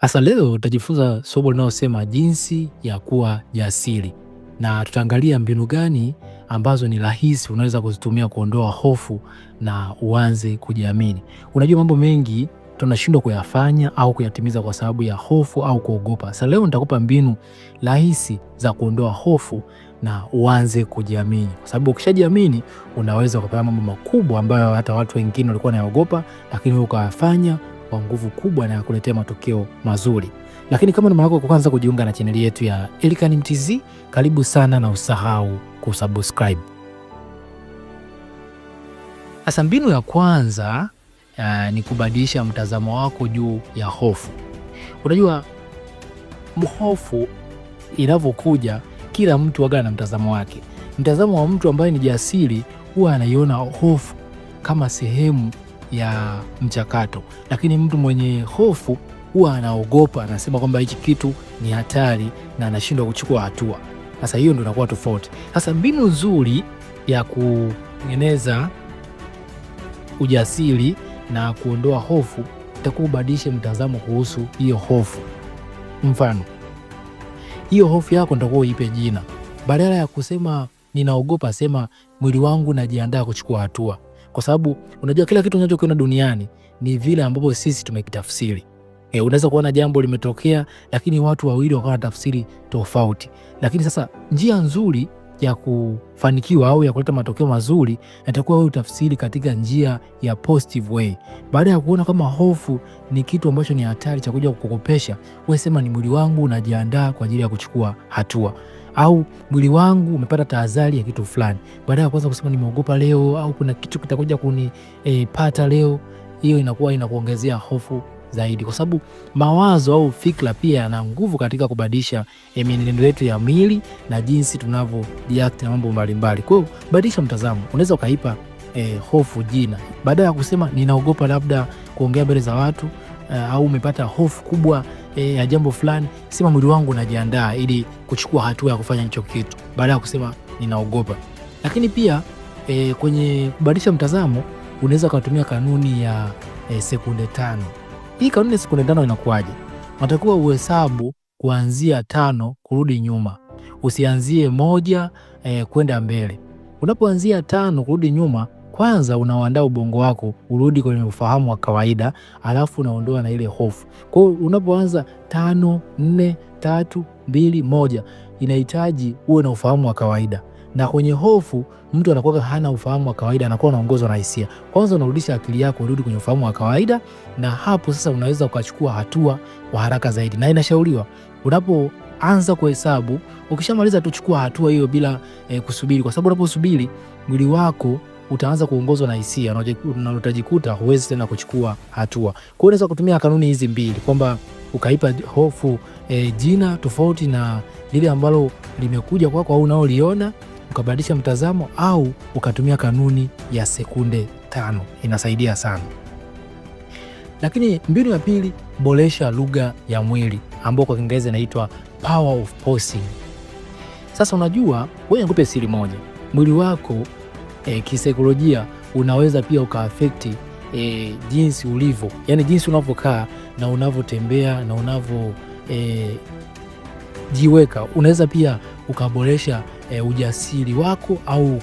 Hasa leo tutajifunza somo linalosema jinsi ya kuwa jasiri, na tutaangalia mbinu gani ambazo ni rahisi unaweza kuzitumia kuondoa hofu na uanze kujiamini. Unajua, mambo mengi tunashindwa kuyafanya au kuyatimiza kwa sababu ya hofu au kuogopa. Sasa leo nitakupa mbinu rahisi za kuondoa hofu na uanze kujiamini, kwa sababu ukishajiamini unaweza ukafanya mambo makubwa ambayo hata watu wengine walikuwa wanaogopa, lakini wewe ukayafanya kwa nguvu kubwa na kuletea matokeo mazuri. Lakini kama ni mara yako kwanza kujiunga na chaneli yetu ya Elikhan Mtz, karibu sana na usahau kusubscribe. Sasa mbinu ya kwanza uh, ni kubadilisha mtazamo wako juu ya hofu. Unajua hofu inavyokuja kila mtu waga na mtazamo wake. Mtazamo wa mtu ambaye ni jasiri huwa anaiona hofu kama sehemu ya mchakato, lakini mtu mwenye hofu huwa anaogopa, anasema kwamba hichi kitu ni hatari na anashindwa kuchukua hatua. Sasa hiyo ndio inakuwa tofauti. Sasa mbinu nzuri ya kutengeneza ujasiri na kuondoa hofu itakuwa ubadilishe mtazamo kuhusu hiyo hofu. Mfano, hiyo hofu yako ndio uipe jina. Badala ya kusema ninaogopa, sema mwili wangu najiandaa kuchukua hatua, kwa sababu unajua kila kitu unachokiona duniani ni vile ambavyo sisi tumekitafsiri. E, unaweza kuona jambo limetokea, lakini watu wawili wakawa tafsiri tofauti. Lakini sasa njia nzuri ya kufanikiwa au ya kuleta matokeo mazuri, natakiwa wewe utafsiri katika njia ya positive way. Baada ya kuona kama hofu ni kitu ambacho ni hatari cha kuja kukukopesha, wewe sema ni mwili wangu unajiandaa kwa ajili ya kuchukua hatua au mwili wangu umepata tahadhari ya kitu fulani. Baada ya kwanza kusema nimeogopa leo au kuna kitu kitakuja kunipata e, leo, hiyo inakuwa inakuongezea hofu zaidi, kwa sababu mawazo au fikra pia yana nguvu katika kubadilisha mienendo yetu ya mwili na jinsi tunavyo react na mambo mbalimbali. Kwa hiyo badilisha mtazamo, unaweza ukaipa e, hofu jina, baada ya kusema ninaogopa labda kuongea mbele za watu eh, au umepata hofu kubwa e, ya jambo fulani, sema mwili wangu unajiandaa ili kuchukua hatua ya kufanya hicho kitu, baada ya kusema ninaogopa. Lakini pia e, kwenye kubadilisha mtazamo unaweza ukatumia kanuni ya e, sekunde tano. Hii kanuni ya sekunde tano inakuwaje? natakiwa uhesabu kuanzia tano kurudi nyuma, usianzie moja eh, kwenda mbele. Unapoanzia tano kurudi nyuma, kwanza unaoandaa ubongo wako urudi kwenye ufahamu wa kawaida, alafu unaondoa na ile hofu. Kwa hiyo unapoanza tano, nne, tatu, mbili, moja, inahitaji uwe na ufahamu wa kawaida na kwenye hofu mtu anakuwa hana ufahamu wa kawaida, anakuwa anaongozwa na hisia. Kwanza unarudisha akili yako urudi kwenye ufahamu wa kawaida, na hapo sasa unaweza ukachukua hatua kwa haraka zaidi, na inashauriwa unapo anza kuhesabu, ukishamaliza tu chukua hatua hiyo bila e, kusubiri, kwa sababu unaposubiri mwili wako utaanza kuongozwa na hisia na utajikuta huwezi tena kuchukua hatua. Kwa hiyo unaweza kutumia kanuni hizi mbili, kwamba ukaipa hofu e, jina tofauti na lile ambalo limekuja kwako au unaoliona ukabadilisha mtazamo au ukatumia kanuni ya sekunde tano, inasaidia sana. Lakini mbinu ya pili, boresha lugha ya mwili ambayo kwa Kiingereza inaitwa power of posing. Sasa unajua, wewe nikupe siri moja, mwili wako e, kisaikolojia unaweza pia ukaafekti e, eh, jinsi ulivyo, yani jinsi unavyokaa na unavyotembea na unavyojiweka e, eh, jiweka, unaweza pia ukaboresha e, ujasiri wako au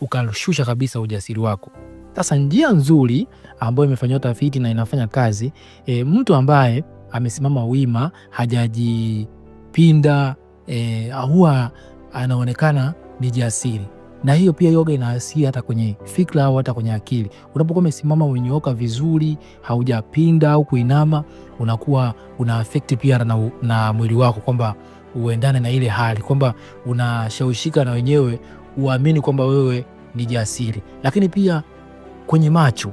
ukashusha uka kabisa ujasiri wako. Sasa njia nzuri ambayo imefanyiwa tafiti na inafanya kazi e, mtu ambaye amesimama wima, hajajipinda e, huwa anaonekana ni jasiri na hiyo pia yoga inaasia hata kwenye fikra au hata kwenye akili. Unapokuwa umesimama umenyooka vizuri, haujapinda au kuinama, unakuwa una pia na, na mwili wako kwamba uendane na ile hali kwamba unashawishika na wenyewe uamini kwamba wewe ni jasiri. Lakini pia kwenye macho,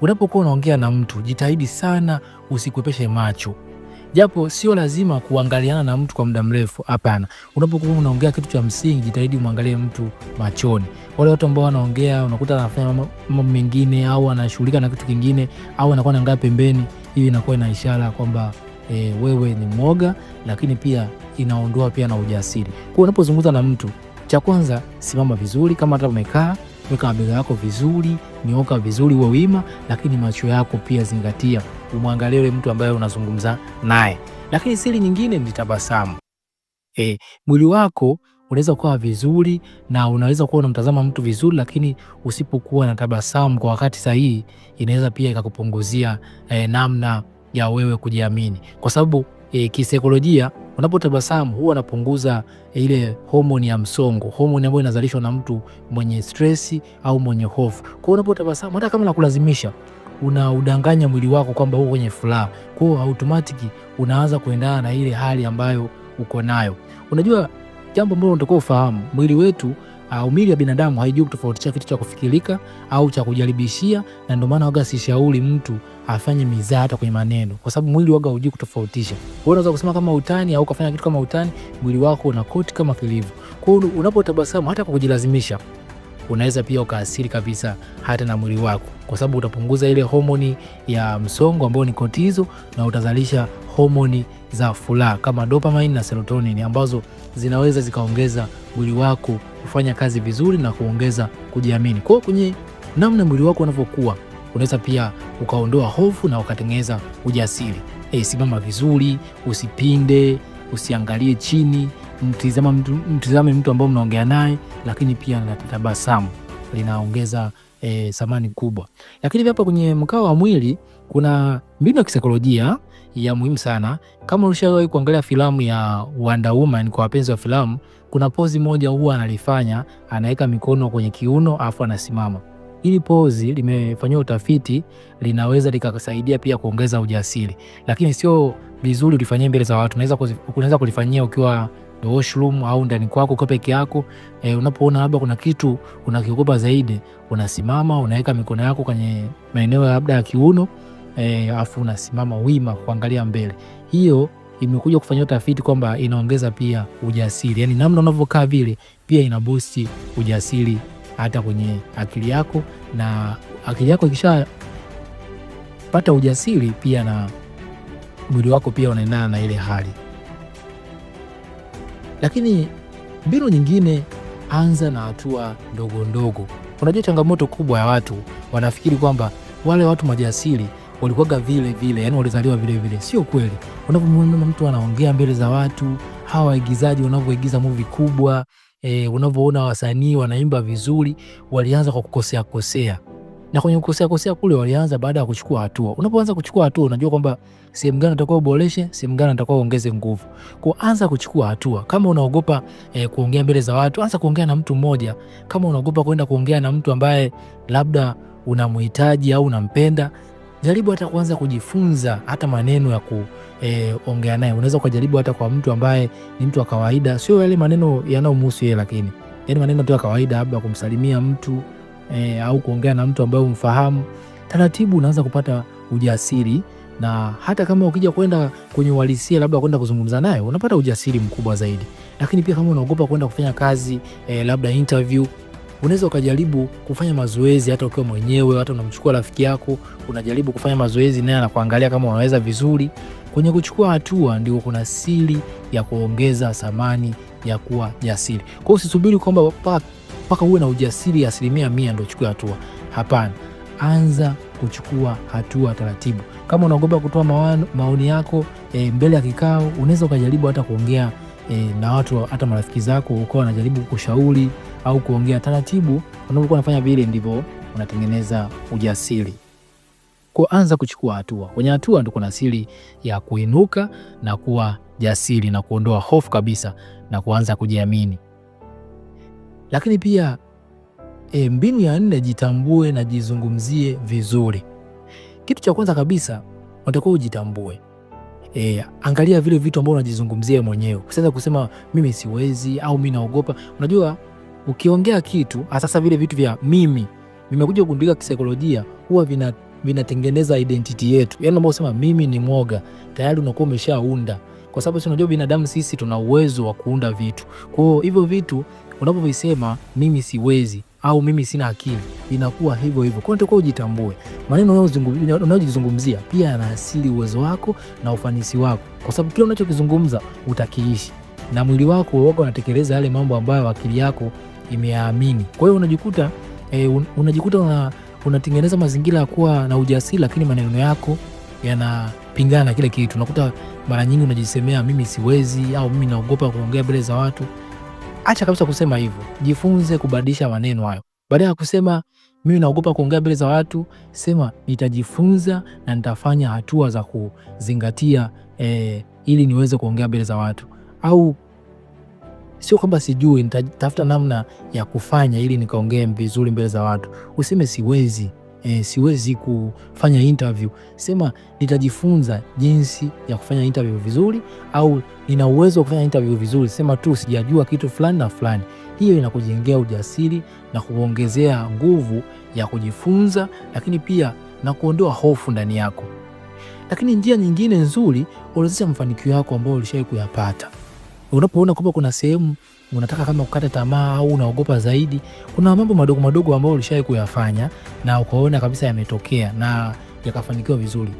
unapokuwa unaongea na mtu, jitahidi sana usikwepeshe macho, japo sio lazima kuangaliana na mtu kwa muda mrefu. Hapana, unapokuwa unaongea kitu cha msingi, jitahidi umwangalie mtu machoni. Wale watu ambao wanaongea unakuta anafanya mambo mengine, au anashughulika na kitu kingine, au anakuwa anaangalia pembeni, hiyo inakuwa ina ishara kwamba e, wewe ni mwoga, lakini pia inaondoa pia na ujasiri. Kwa unapozungumza na mtu, cha kwanza simama vizuri, kama hata umekaa weka mabega yako vizuri, nyoka vizuri, uwe wima, lakini macho yako pia zingatia, umwangalie yule mtu ambaye unazungumza naye. Lakini siri nyingine ni tabasamu. E, mwili wako unaweza kuwa vizuri na unaweza kuwa unamtazama mtu vizuri, lakini usipokuwa na tabasamu kwa wakati sahihi, inaweza pia ikakupunguzia e, namna ya wewe kujiamini, kwa sababu e, kisaikolojia unapotabasamu huwa anapunguza e, ile homoni ya msongo, homoni ambayo inazalishwa na mtu mwenye stresi au mwenye hofu. Kwa hiyo unapotabasamu, hata kama nakulazimisha, unaudanganya mwili wako kwamba huo kwenye furaha. Kwa hiyo automatiki unaanza kuendana na ile hali ambayo uko nayo. Unajua jambo ambalo unatakiwa ufahamu, mwili wetu Uh, umili wa binadamu haijui kutofautisha kitu cha kufikirika au cha kujaribishia, na ndio maana waga sishauri mtu afanye mizaa hata kwenye maneno, kwa sababu mwili waga hujui kutofautisha. Wewe unaweza kusema kama utani au kufanya kitu kama utani, mwili wako una koti kama kilivu. Kwa hiyo unapotabasamu hata kwa kujilazimisha unaweza pia ukaasiri kabisa hata na mwili wako, kwa sababu utapunguza ile homoni ya msongo ambayo ni kotizo, na utazalisha homoni za furaha kama dopamine na serotonin ambazo zinaweza zikaongeza mwili wako kufanya kazi vizuri na kuongeza kujiamini. Kwa hiyo kwenye namna mwili wako unavyokuwa, unaweza pia ukaondoa hofu na ukatengeneza ujasiri. E, simama vizuri, usipinde, usiangalie chini, mtizame mtu, mtizame mtu ambao mnaongea naye, lakini pia na tabasamu linaongeza eh, thamani e, kubwa. Lakini hapa kwenye mkao wa mwili kuna mbinu ya kisaikolojia ya muhimu sana. Kama ulishawahi kuangalia filamu ya Wonder Woman, kwa wapenzi wa filamu, kuna pozi moja huwa analifanya, anaweka mikono kwenye kiuno afu anasimama. Hili pozi limefanyiwa utafiti, linaweza likasaidia pia kuongeza ujasiri, lakini sio vizuri ulifanyia mbele za watu. Unaweza kulifanyia ukiwa washroom au ndani kwako kwa peke yako. E, unapoona labda kuna kitu unakiogopa zaidi, unasimama unaweka mikono yako kwenye maeneo labda ya kiuno Eh, alafu e, unasimama wima kuangalia mbele. Hiyo imekuja kufanyia utafiti kwamba inaongeza pia ujasiri, yaani namna unavyokaa vile pia inabosti ujasiri hata kwenye akili yako, na akili yako ikishapata ujasiri pia na mwili wako pia unaendana na ile hali. Lakini mbinu nyingine, anza na hatua ndogo ndogo. Unajua, changamoto kubwa ya watu wanafikiri kwamba wale watu majasiri walikuwaga vile vile, yani walizaliwa vile vile. Sio kweli unavyomwona mtu anaongea mbele za watu, hawa waigizaji wanavyoigiza movie kubwa e, unavyoona wasanii wanaimba vizuri, walianza kwa kukosea kosea, na kwenye kukosea kosea kule walianza baada ya kuchukua hatua. Unapoanza kuchukua hatua, unajua kwamba sehemu gani unatakiwa uboreshe, sehemu gani unatakiwa uongeze nguvu. Kwa anza kuchukua hatua. Kama unaogopa eh, kuongea mbele za watu, anza kuongea na mtu mmoja. Kama unaogopa kwenda kuongea na mtu ambaye labda unamhitaji au unampenda, jaribu hata kuanza kujifunza hata maneno ya kuongea e, naye. Unaweza ukajaribu hata kwa mtu ambaye ni mtu wa kawaida, sio yale maneno yanayomhusu yeye, lakini yani maneno tu ya kawaida, labda kumsalimia mtu e, au kuongea na mtu ambaye umfahamu. Taratibu unaanza kupata ujasiri, na hata kama ukija kwenda kwenye uhalisia, labda kwenda kuzungumza naye, unapata ujasiri mkubwa zaidi. Lakini pia kama unaogopa kwenda kufanya kazi e, labda interview unaweza ukajaribu kufanya mazoezi hata ukiwa mwenyewe, hata unamchukua rafiki yako, unajaribu kufanya mazoezi naye anakuangalia kama unaweza vizuri. Kwenye kuchukua hatua ndio kuna siri ya kuongeza thamani ya kuwa jasiri. Kwa hiyo usisubiri kwamba mpaka uwe na ujasiri asilimia mia ndio uchukue hatua. Hapana, anza kuchukua hatua taratibu. Kama unaogopa kutoa maoni yako e, mbele ya kikao, unaweza ukajaribu hata kuongea e, na watu hata marafiki zako ukawa wanajaribu kushauri au kuongea taratibu. Unapokuwa unafanya vile, ndivyo unatengeneza ujasiri. Kwa anza kuchukua hatua. Kwenye hatua ndio kuna siri ya kuinuka na kuwa jasiri na kuondoa hofu kabisa na kuanza kujiamini. Lakini pia e, mbinu ya nne, jitambue na jizungumzie vizuri. Kitu cha kwanza kabisa unatakiwa ujitambue. E, angalia vile vitu ambavyo unajizungumzia mwenyewe. Usianze kusema mimi siwezi au mimi naogopa. Unajua ukiongea kitu asasa, vile vitu vya mimi vimekuja kugundulika kisaikolojia, huwa vina vinatengeneza identity yetu. yani ambao sema mimi ni mwoga, tayari unakuwa umeshaunda, kwa sababu si unajua, binadamu sisi tuna uwezo wa kuunda vitu. Kwa hivyo vitu unapovisema mimi siwezi au mimi sina akili, inakuwa hivyo hivyo. Kwa hiyo ujitambue, maneno unayojizungumzia pia yana asili uwezo wako na ufanisi wako, kwa sababu kile unachokizungumza utakiishi, na mwili wako uoga unatekeleza yale mambo ambayo akili yako imeamini. Kwa hiyo unajikuta e, un, unajikuta una, unatengeneza mazingira ya kuwa na ujasiri, lakini maneno yako yanapingana na kile kitu. Unakuta mara nyingi unajisemea mimi siwezi, au mimi naogopa kuongea mbele za watu. Acha kabisa kusema hivyo, jifunze kubadilisha maneno hayo. Badala ya kusema mimi naogopa kuongea mbele za watu, sema nitajifunza na nitafanya hatua za kuzingatia e, ili niweze kuongea mbele za watu au sio kwamba sijui, nitatafuta namna ya kufanya ili nikaongee vizuri mbele za watu. Useme siwezi E, siwezi kufanya interview. Sema nitajifunza jinsi ya kufanya interview vizuri, au nina uwezo wa kufanya interview vizuri. Sema tu sijajua kitu fulani na fulani. Hiyo inakujengea ujasiri na kuongezea nguvu ya kujifunza, lakini pia na kuondoa hofu ndani yako. Lakini njia nyingine nzuri, orodhesha mafanikio yako ambayo ulishawahi kuyapata unapoona kwamba kuna sehemu unataka kama kukata tamaa au unaogopa zaidi, kuna mambo madogo madogo ambayo ulishawahi kuyafanya na ukaona kabisa yametokea na yakafanikiwa vizuri,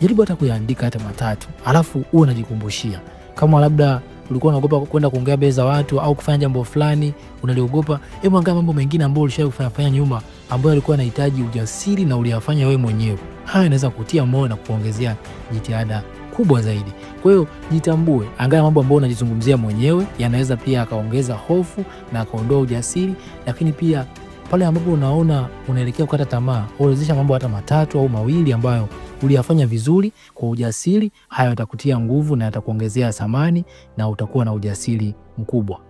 jaribu hata kuyaandika hata matatu, alafu uwe unajikumbushia. Kama labda ulikuwa unaogopa kwenda kuongea mbele za watu au kufanya jambo fulani unaliogopa, hebu angalia mambo mengine ambayo ulishawahi kufanya nyuma ambayo alikuwa anahitaji ujasiri na uliyafanya wewe mwenyewe. Haya inaweza kutia moyo na kuongezea jitihada kubwa zaidi. Kwa hiyo jitambue, angalia mambo ambayo unajizungumzia mwenyewe, yanaweza pia akaongeza hofu na akaondoa ujasiri, lakini pia pale ambapo unaona unaelekea kukata tamaa, orodhesha mambo hata matatu au mawili ambayo uliyafanya vizuri kwa ujasiri. Hayo yatakutia nguvu na yatakuongezea thamani na utakuwa na ujasiri mkubwa.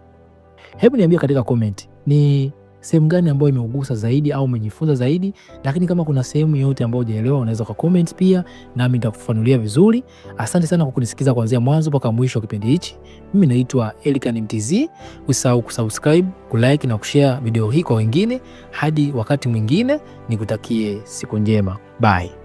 Hebu niambie katika komenti ni sehemu gani ambayo imeugusa zaidi au umejifunza zaidi, lakini kama kuna sehemu yoyote ambayo hujaelewa unaweza kwa comment pia, nami nitakufanulia vizuri. Asante sana kwa kunisikiza kuanzia mwanzo mpaka mwisho wa kipindi hichi. Mimi naitwa Elikhan Mtz. usahau kusubscribe, kulike na kushare video hii kwa wengine. Hadi wakati mwingine, nikutakie siku njema. Bye.